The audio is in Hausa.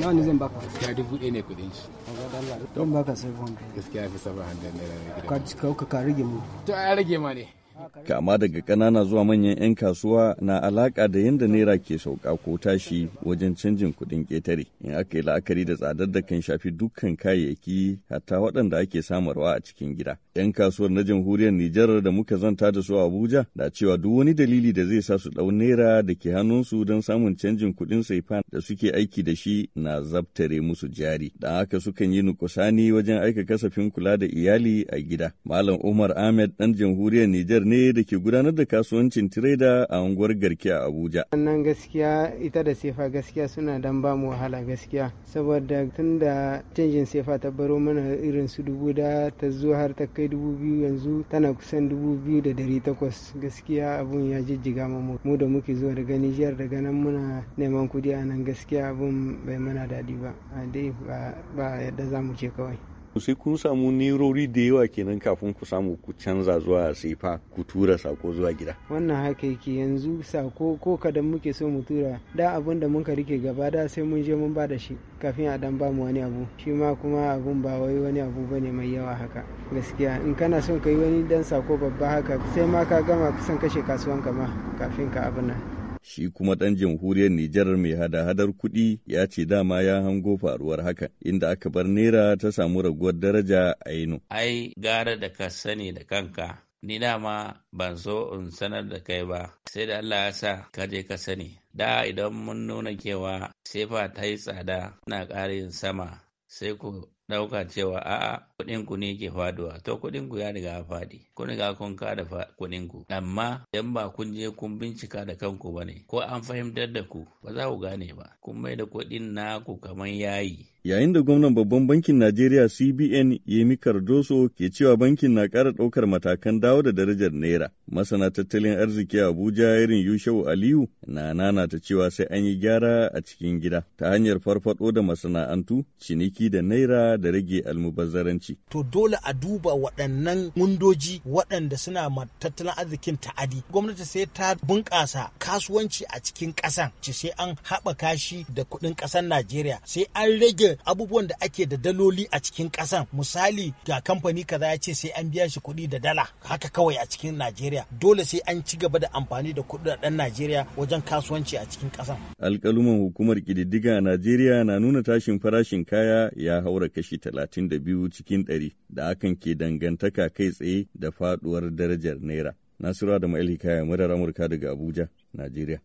nawa ne kama daga ƙanana zuwa manyan 'yan kasuwa na alaƙa da yadda naira ke sauka ko tashi wajen canjin kuɗin ƙetare in aka yi la'akari da tsadar da kan shafi dukkan kayayyaki hatta waɗanda ake samarwa a cikin gida 'Yan kasuwar na jamhuriyar Nijar da muka zanta da su a Abuja na cewa duk wani dalili da zai sa su ɗau naira da ke hannunsu don samun canjin kuɗin saifan da suke aiki da shi na zabtare musu jari. Da haka sukan yi nukusani wajen aika kasafin kula da iyali a gida. Malam Umar Ahmed dan jamhuriyar Nijar ne da ke gudanar da kasuwancin tireda a unguwar Garki a Abuja. Wannan gaskiya ita da sefa gaskiya suna dan ba mu wahala gaskiya saboda tun da canjin sefa ta baro mana irin su dubu da ta zo har ta kai yanzu tana kusan dubu biyu da dari takwas gaskiya abun ya jijjiga mu mu da muke zuwa daga nijar daga nan muna neman kudi a nan gaskiya abun bai mana daɗi ba dai ba yadda za mu ce kawai ku sai kun samu nerori da yawa kenan kafin ku samu ku canza zuwa sefa ku tura sako zuwa gida wannan haka yake yanzu sako ko kadan muke so mu tura da abin da muka rike gaba da sai mun je mun ba da shi kafin a dan bamu wani abu shi ma kuma abun ba wai wani abu bane mai yawa haka gaskiya in kana son ka yi wani dan sako babba haka sai ma ka gama kusan kashe kasuwanka ma kafin ka abin nan Shi kuma ɗan jamhuriyar Nijar mai hada-hadar kuɗi ya ce dama ya hango faruwar haka inda aka bar naira ta samu raguwar daraja a yino. Ai gara da ka sani da kanka ni dama ban so in sanar da kai ba sai da Allah ya sa ka je ka sani da idan mun nuna kewa sai fa ta yi tsada na ƙarin sama sai ku dauka cewa a'a kuɗin ku ne ke faduwa to kuɗin ku ya riga ya faɗi kun riga kun da kuɗin ku amma idan ba kun je kun bincika da kanku bane ko an fahimtar da ku ba za ku gane ba kun mai da kuɗin naku kamar yayi yayin da gwamnan babban bankin Najeriya CBN Yemi Cardoso ke cewa bankin na ƙara ɗaukar matakan dawo da darajar naira masana tattalin arziki Abuja irin Yushau Aliyu na nana ta cewa sai an yi gyara a cikin gida ta hanyar farfado da masana'antu ciniki da naira da rage almubazzaranci. To dole a duba waɗannan mundoji waɗanda suna tattalin arzikin ta'adi. Gwamnati sai ta bunƙasa kasuwanci a cikin ƙasan, ce sai an haɓa kashi da kuɗin ƙasan Najeriya, sai an rage abubuwan da ake da daloli a cikin ƙasan. Misali ga kamfani kaza ya ce sai an biya shi kuɗi da dala haka kawai a cikin Najeriya. Dole sai an ci gaba da amfani da kuɗaɗen Najeriya wajen kasuwanci a cikin ƙasan. Alƙaluman hukumar ƙididdiga a Najeriya na nuna tashin farashin kaya ya haura kashi kashi biyu cikin ɗari da hakan ke dangantaka kai tsaye da faduwar darajar naira. nasiru da Ma'il Hikaya, murar Amurka daga Abuja, Najeriya.